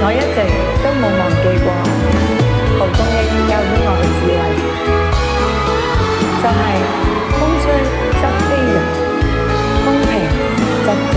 我一直都冇忘記過蒲公英教畀我嘅智慧，就係、是、風吹則飛揚，風平則靜。